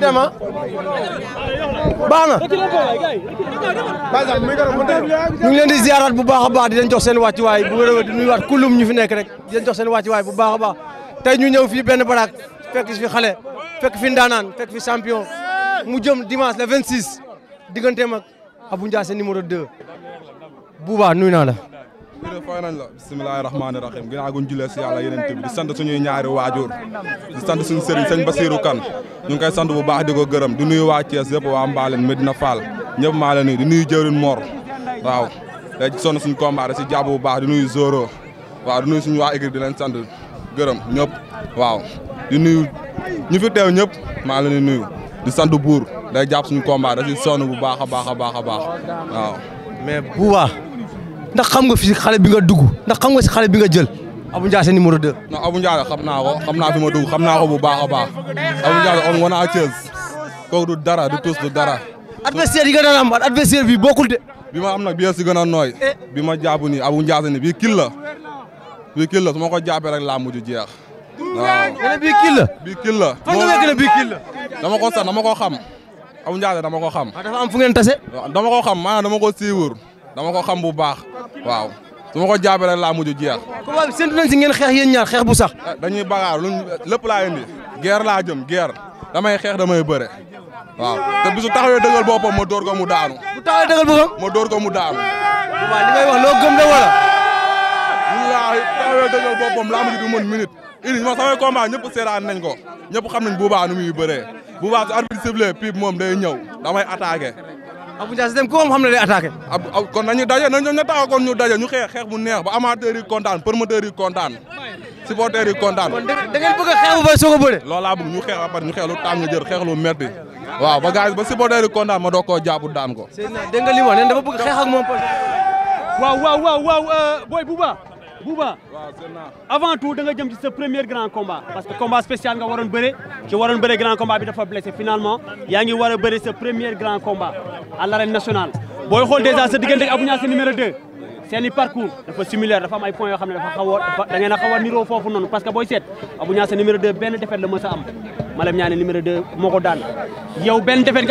ñu dem ah. baax na. ñu ngi leen di ziarat bu baax a baax di leen jox seen waay bu wér di nuyuwaat kulum ñu fi nekk rek di leen jox seen wàccuwaay bu baax baa baax tey ñu ñëw fii benn baraak fekk fi xale fekk fi ndaanaan fekk fi champion mu jëm dimanche le 26 digganteem ak Abou Ndiassé numéro 2 Bouba nuyu naa la. jërëjëf fay nañ la bisimilahi rahmaani rahim ginnaaw guñ julee si yàlla yeneen bi di sant suñuy ñaari waajur di sant suñu sëriñ sëñ Basiiru Kan ñu ngi koy sant bu baax di ko gërëm di nuyu waa Thiès yëpp waa Mbaalen Medina Fall ñëpp maa la nuyu di nuyu jëriñ Mor waaw léegi sonn suñu combat da si jàpp bu baax di nuyu Zoro waaw di nuyu suñu waa équipe di leen sant gërëm ñëpp waaw di nuyu ñu fi teew ñëpp maa la nuyu di sant buur day jàpp suñu combat da si bu baax a baax a baax a baax waaw ndax xam nga physique xale bi nga dugg ndax xam nga si xale bi nga jël Abou Ndiasse numéro 2. non Abou Ndiasse xam naa ko xam naa fi ma dugg xam naa ko bu baax a baax Abou Ndiasse on wana Thiès kooku du dara du tus du dara. adversaire yi nga bi de. bi ma am nag bi si gën a nooy. Eh. bi ma jàpp ni Abou Ndiasse ni bi kil la bii kil la su ko jàppee rek la. bii kil la fan nga wekk ne bii kil la. dama ko sax dama ko xam Abou Ndiasse dama ko xam. Ah, dafa am fu ngeen tase. dama ko xam maanaam dama ko siiwur dama ko xam bu baax waaw su ma ko jaabee rek laa mujj jeex. comment séntu nañ si ngeen xeex yéen ñaar xeex bu sax. Eh, dañuy bagaar luñ lépp laa indi. guerre laa jëm guerre damay xeex damay bëre. waaw te bisu taxawee dëggal boppam ma door ko mu daanu. bu taxawee dëggal boppam. ma door ko mu daanu. waaw li ngay loo gëm la wala. wallaahi taxawee dëggal boppam laa mujj du mën minute. indi ma samay combat ñëpp seetaan nañ ko ñëpp xam nañ bu baax nu muy bëree bu baax su arbitre sifflé pipe moom day ñëw damay attaqué. Abou Ndiassé dem ku am xam na day attaqué. kon nañu daje nañu ñu taxaw kon ñu daje ñu xeex xeex bu neex ba amateur yi kontaan promoteur yi kontaan supporter yi kontaan. kon da ngeen bëgg a xeex bu bay soog a bëre. loolaa bëgg ñu xeex ba pare ñu xeex lu tàng jër xeex lu metti waaw ba gars ba supporter yi kontaan ma doog koo jàpp daan ko. dégg nga li ma ne dafa bëgg xeex ak moom. waaw waaw waaw bu euh, baax Bouba avant tout da jëm ci sa premier grand combat parce que combat spécial nga waroon bëre ci waroon bëre grand combat bi dafa blessé finalement yaa ngi war a bëre sa premier grand combat à l'arène nationale booy xool déjà sa diggante ak Abou Niasse numéro 2 seen dafa similaire dafa am ay points xam ne dafa xaw niroo foofu noonu parce que booy seet Abou Niasse numéro 2 benn défaite la mës a am Malem Niane numéro 2 moo ko daan yow benn défaite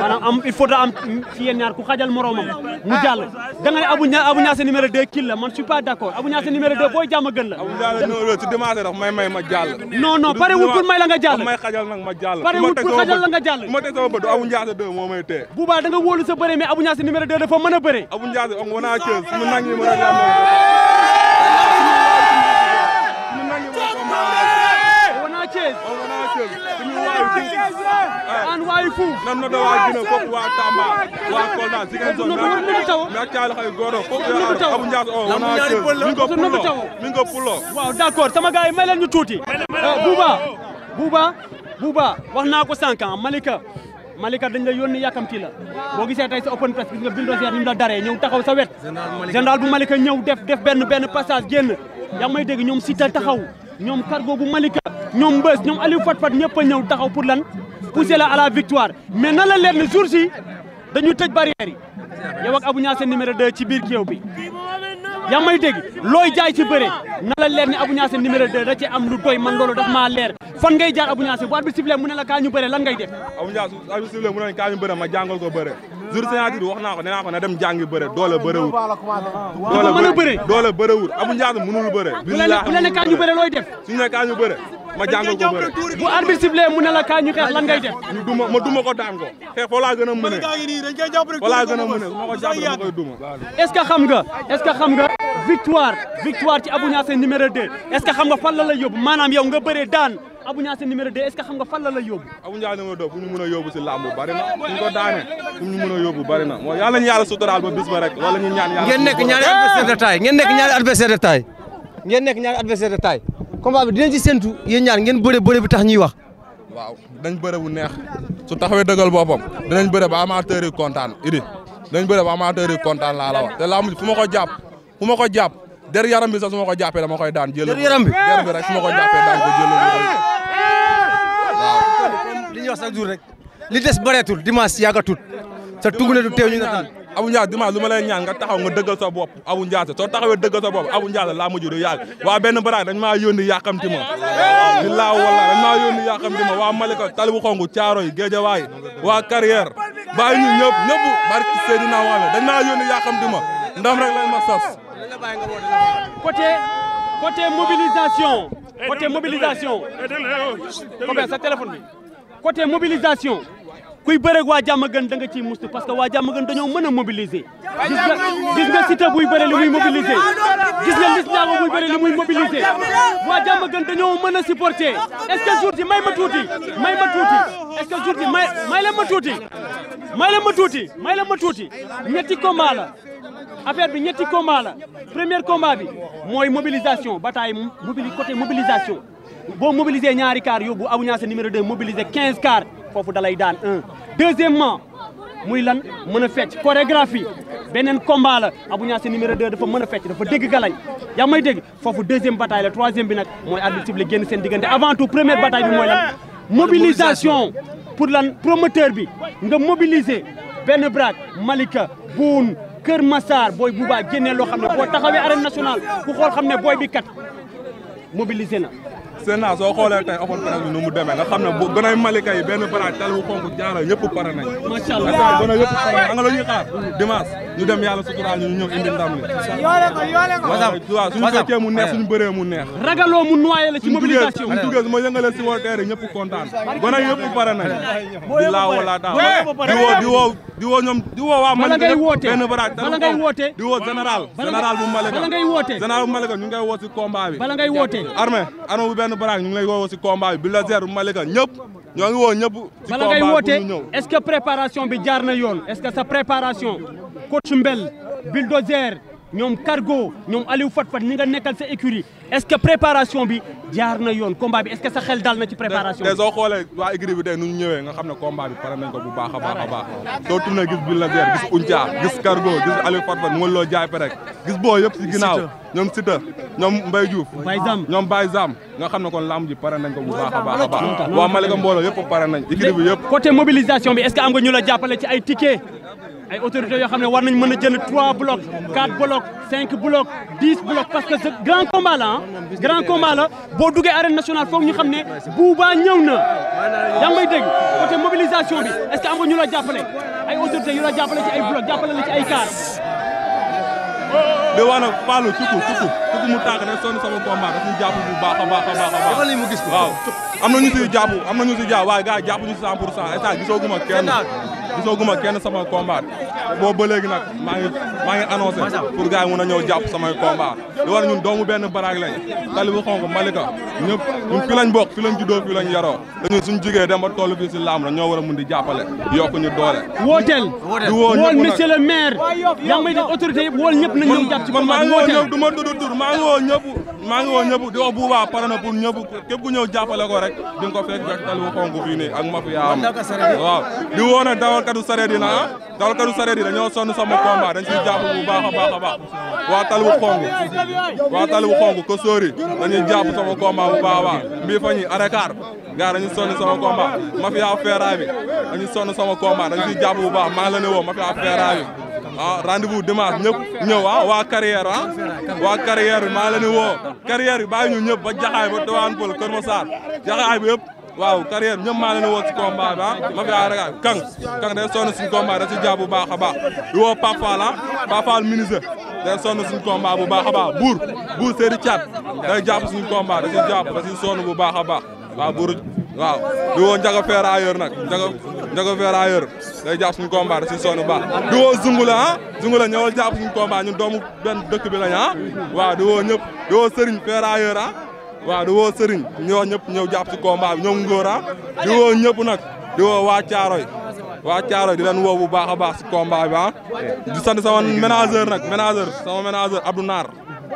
maanaam am il faut da am ci yéen ku xajal moroomam mu jàll da nga ne Abou Niasse Abou Niasse la man je suis abu d' accord Abou Niasse numéro 2 booy jàmm gën la. Abou Niasse numéro 2 su demaatee dafa may may ma jàll. non non pare wul pour may la nga ma jàll. pare wul pour la nga jàll. ma teg sama bët Abou Niasse tee. Bouba da nga wóolu sa bëre mais Abou Niasse numéro 2 dafa mën a bëre. Abou Niasse on wana kër a jàmm. suñu nang yi mën a ko maa. nan no do waa Gine fop waa Tamba waa Kolda Ziguinchor nak caali xay gooro fop Abou Ndiass o wona mi ngo pulo loo d'accord sama gars yi may leen ñu tuuti euh, Bouba Bouba Bouba wax naa ko sànq ah, Malika Malika dañ la yónni yàkkamti la boo gisee tey sa open press gis nga Bulldozer seet ni mu la daree ñëw taxaw sa wet général bu Malika ñëw def benn benn passage génn yaa ngi may dégg ñoom Sita taxaw ñoom cargo bu Malika ñoom Mbës ñoom Aliou Fat Fat ñëpp a taxaw pour lan pousser la à la victoire mais na la leer ne jour si dañu tëj barrière yi yow ak Abou Niasse numéro ci biir kéew bi yaa may dégg looy jaay ci bëre na la leer ne Abou Niasse numéro 2 am lu doy man loolu daf maa leer fan ngay jaar Abou Niasse bu arbitre sifflé mu ne la kaa bëre lan ngay def Abou Niasse arbitre sifflé mu ne la kaa bëre ma jàngal ko bëre jour signature wax naa ko ne naa ko na dem jàngi doole bërewul doole doole bërewul Abou Niasse mënul bëre bu la ne ma jàngal ko bëre bu arbitre sifflé mu ne la kaa ñu xeex lan ngay def ñu duma ma duma ko daan ko xeex foo laa gën a mëne foo laa gën a mëne su ma ko jàpp dama koy duma est-ce que xam nga est-ce que xam nga victoire victoire ci Abou Niassène numéro 2 est-ce que xam nga fan la lay yóbbu maanaam yow nga bëree daan Abou Niassène numéro 2 est-ce que xam nga fan la lay yóbbu Abou Niassène numéro 2 fu ñu mën a yóbbu si làmb bari na fu ñu ko daane fu ñu mën a yóbbu bari na moo yàlla ñu yàlla suturaal ba bis ba rek wala ñu ñaan yàlla ngeen nekk ñaari adversaire de taille ngeen nekk ñaari adversaire de taille ngeen nekk ñaari adversaire de taille combat bi dinañ ci séntu yéen ñaar ngeen bëre bëre bi tax ñuy wax. waaw dañ bëre bu neex su taxawee dëggal boppam dinañ bëre ba amateur yi kontaan idi dinañ bëre ba amateur yi kontaan laa la wax te laamu fu ma ko jàpp fu ma ko jàpp der yaram bi sax su ma ko jàppee dama koy daan jëlee. der yaram bi der bi rek su ma ko jàppee daan ko jëlee. li ñuy wax chaque jour rek li des bëreetul dimanche yàggatul sa tungu ne ñu Abou Ndiassé dimanche lu ma leen ñaan nga taxaw nga dëggal sa bopp Abou Ndiassé soo taxawee dëggal sa bopp Abou Ndiassé laa mujj du yàgg waa benn baraag dañ maa yónni yàqamti ma di laa wala dañ maa yónni yàqamti ma waa Malika Talibu Xongu Caaro yi Géejawaay waa carrière bàyyi ñu ñëpp ñëpp barki Seydina Muhammad dañ maa yónni yàqamti ma ndam rek lañ ma sas côté côté mobilisation côté mobilisation combien sa téléphone bi côté mobilisation kuy bëreeg waa jàmm gën da nga ciy mustu parce que waa jàmm gën dañoo mën a mobiliser gis nga gis nga Siteu buy bëre li muy mobiliser gis wa lis naa ko buy bëre li muy mobiliser waa jàmm mën a supporter est que jour ji may ma tuuti may ma tuuti may may ma tuuti may leen ma tuuti may leen ma tuuti ñetti combat la affaire bi ñetti combat la premier combat bi mooy mobilisation bataille mobili côté mobilisation boo mobiliser ñaari car yóbbu aw ñaa sa numéro 2 mobiliser 15 car foofu dalay daan un deuxièmement muy lan mën a fecc chorégraphie beneen combat la Abou Niasse numéro 2 dafa mën a fecc dafa dégg galañ yaa may dégg foofu deuxième bataille la troisième bi nag mooy arbitre bi la génn seen diggante avant tout première bataille bi mooy lan mobilisation pour lan promoteur bi nga mobiliser benn braak Malika Boun Kër Massar booy bu baa génnee loo xam ne boo taxawee arène nationale ku xool xam ne booy bi kat mobilisé na seen naa soo xoolee tey open presse nu mu demee nga xam ne bu gën a Malika yi benn barage tal bu xonk jaara ñëpp pare nañ. macha allah gën a yëpp pare ñu dem yàlla suturaal ñu ñëw indi ndam li. yoole ko yoole ko wasam waaw suñu fekkee mu neex eh. suñu bëree mu neex. ragaloo mu noyé la ci mobilisation. suñu duggee ma yëngalee si woo teer yi ñëpp kontaan. gone yëpp pare nañ. di laa wala daal di woo di woo di woo ñoom di woo waa Malika yëpp benn baraak bala ngay wootee di woo général général bu Malika bala ngay wootee général bu Malika ñu ngi lay woo si combat bi. bala ngay wootee armée armée bu benn baraak ñu ngi lay woo si combat bi bulldozer bu Malika ñëpp ñoo ngi woo ñëpp. si combat bu ñu ñëw bala ngay wootee est-ce que préparation bi jaar na yoon est-ce que sa préparation coach Mbel bulldozer ñoom cargo ñoom Aliou Fatfat ñi nekkal sa écurie est-ce que préparation bi jaar na yoon combat bi est-ce que sa xel dal na ci préparation bi. te soo xoolee waa écurie bi tey nu ñëwee nga xam ne combat bi pare nañ ko bu baax a baax a baax soo tourné gis bulldozer gis Unca gis cargo gis Aliou Fatfat mu ngi loo jaay pe gis boo yëpp si ginnaaw ñoom Sita ñoom Mbaye Diouf. ñoom Baye nga xam ne kon lamb ji pare nañ ko bu baax a baax a waa bi yëpp côté ay autorités yoo xam ne war nañ mën a jën 3 blocs 4 blocs 5 blocs 10 blocs parce que ce la grand combat la boo duggee arène nationale foog ñu xam ne Bouba ñëw na yaa ngi may dégg bi est am nga ñu la jàppale ay autorités yu la jàppale ci ay blocs jàppale la ci ay car. mais wax na Fallou tukku tukku tukku mu tànk rek sonn sama combat daf ñu jàpp bu baax a baax a baax a baax. lii mu gis waaw am na ñu siy jàpp am na ñu siy jàpp waaye gars yi gisaguma kenn sama combat boobu ba léegi nag maa ngi maa ngi annoncé pour gars yi mun a ñëw jàpp samay ñun doomu benn baraag lañ tali bu Malika ñëpp ñun fi lañ bokk fi lañ juddoo fi lañ yaroo dañun dem ba toll si laam la ñoo a mun di jàppale yokk ñu doole wooteel di woo wool monsieur le maire yaa ngi may def autorité yëpp wool ñëpp nañ ñëw jàpp ci man maa ngi woo du ma dudd tur maa ngi woo di wax buubaa pare na pour ñëpp képp ku ñëw jàppale ko rek di nga ko fekk fekk tali bu xonk fii nii ak dawalkatu sareet yi la ah dawalkatu sareet yi dañoo sonn sama combat dañ bu baax a baax a baax waa talibu xong waa talibu xong ko sóori dañuy jàpp sama combat bu baax a baax mbii fa ñi arekaar gaa dañu sonn sama combat mafia feeraay bi dañu sonn sama combat dañ siy jàpp bu baax maa ngi leen di woo mafia feeraay bi ah rendez-vous dimanche ñëpp ñëw ah, waa carrière ah waa carrière bi maa ngi leen woo carrière bi bàyyi ñu ñëpp ba jaxaay ba Tivaouane Peulh Kër Massar jaxaay bi waaw carrière ñëpp maa leen woo si combat bi ah ma fi yaay rek ah Kang Kang day sonn suñu combat da si jàpp bu baax a baax di woo Pape Fall ah Pape Fall ministre day sonn suñu bu baax a baax buur buur Seydou Thiat day jàpp suñu combat da si jàpp da si sonn bu baax a baax waaw buur waaw di woo Ndiaga Ferrailleur nag Ndiaga Ndiaga Ferrailleur day jàpp suñu combat da si sonn bu baax di woo Zungula ah Zungula ñëwal jàpp suñu combat ñun doomu benn dëkk bi lañ ah waaw di woo ñëpp di woo Serigne Ferrailleur waaw di woo Serigne ñoo ñëpp ñëw jàpp si combat bi ñoom Ngora di woo ñëpp nag di woo waa Caaroy waa Caaroy di leen woo bu baax a baax si combat bi ah. di sant sama ménageur nag ménageur sama ménageur Abdou Naar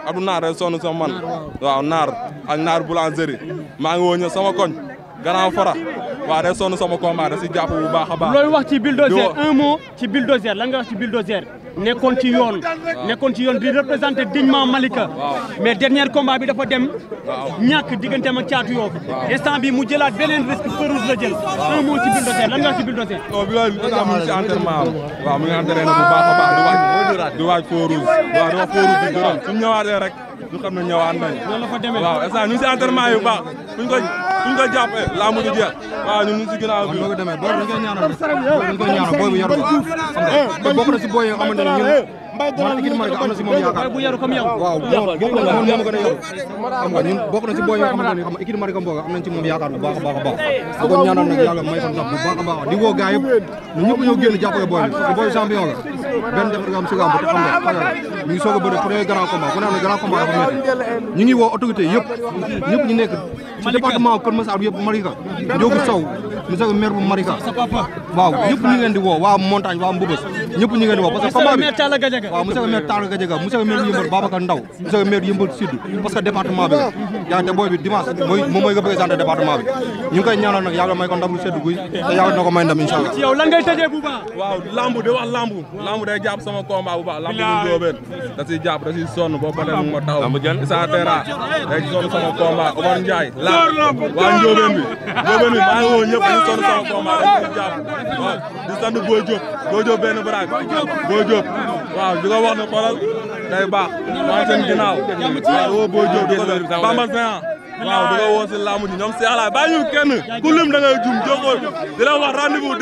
Abdou Naar rek sonn sama man waaw Naar ak Naar boulangerie maa ngi woo ñëpp sama koñ Grand Fara waaw day sonn sama combat da si jàpp bu baax a baax. wax ci bil un mot ci bulldozer lan nga wax ci bulldozer nekkoon ci yoon. nekkoon ci yoon di représenté dignement Malika. mais dernier combat bi dafa dem. ñàkk digganteem ak caatu yoo. instant bi mu jëlaat beneen risque farouche la jël. un mois lan nga ci bulldozer. non bi loolu instant mu ngi ci entraînement waaw mu ngi entraîné na bu baax a baax di waaj. di waaj di waaj farouche bi gërëm suñu ñëwaatee rek ñu xam ne ñëwaat nañ. loolu la fa waaw instant ñu ngi si entraînement yu baax buñ ko. suñ ko jàppee laa mujj jeex waaw ñun ñu ngi si ginnaaw bi. waaw demee booy bi ñaanal dañ koy ñaanal booy bu yaru te bokk na si booy yoo xamante ne ñun man kii Malika am na si moom yaakaar waaw bokk na moom moo ma gën a yaru xam nga ñun bokk na si booy yoo xamante ne xam nga équipe Malika Mboga am nañ ci moom yaakaar bu baax a baax a baax bu ko ñaanal nag yàlla may ko ndax bu baax a baax di woo gars yëpp ñun ñëpp ñëw génn jàppale booy bi booy champion la benn defar nga am si nga am ba te xam nga ñu ngi soog a bëri premier grand combat ku ne am na grand combat dafa métti ñu ngi woo autorité yëpp ñëpp ñu nekk ci département Kër Massar yëpp Malika Ndiogou Sow monsieur le maire bu Malika waaw ñëpp ñu ngi leen di woo waa montagne waa Mbëbës ñëpp ñu ngi leen di woo parce que combat bi waaw monsieur le maire Talla Gadiaga monsieur le maire Yëmbal Babacar Ndaw monsieur le maire Yëmbal Sud parce que département bi la yaa te booy bi dimanche mooy moom mooy représenté département bi ñu ngi koy ñaanal nag yàlla may ko ndam lu sedd guy te yàlla na ko may ndam incha allah moom day jàpp sama combat bu baax lamb bu jóobeen da siy jàpp da siy sonn boo paree mu ma taxaw Issa waa njóobeen bi njóobeen bi maa woo ñëpp dañu sonn sama combat dañ siy day baax maa ngi seen ginnaaw waaw woo Boy Diop waaw di woo si laamu ji ñoom Cheikh Laye bàyyi kenn ku lim da ngay jum jokkoo di la wax rendez-vous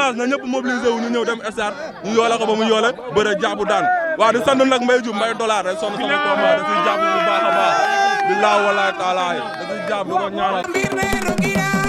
ah. na ñëpp mobilisé wu ñu ñëw dem stade ñu yoole ko ba mu yoole bëre jàpp daan waaw di sant nag mbay jum mbay dollar rek sonn sama combat da ciy jàpp bu baax a baax billaahi wallaahi di ko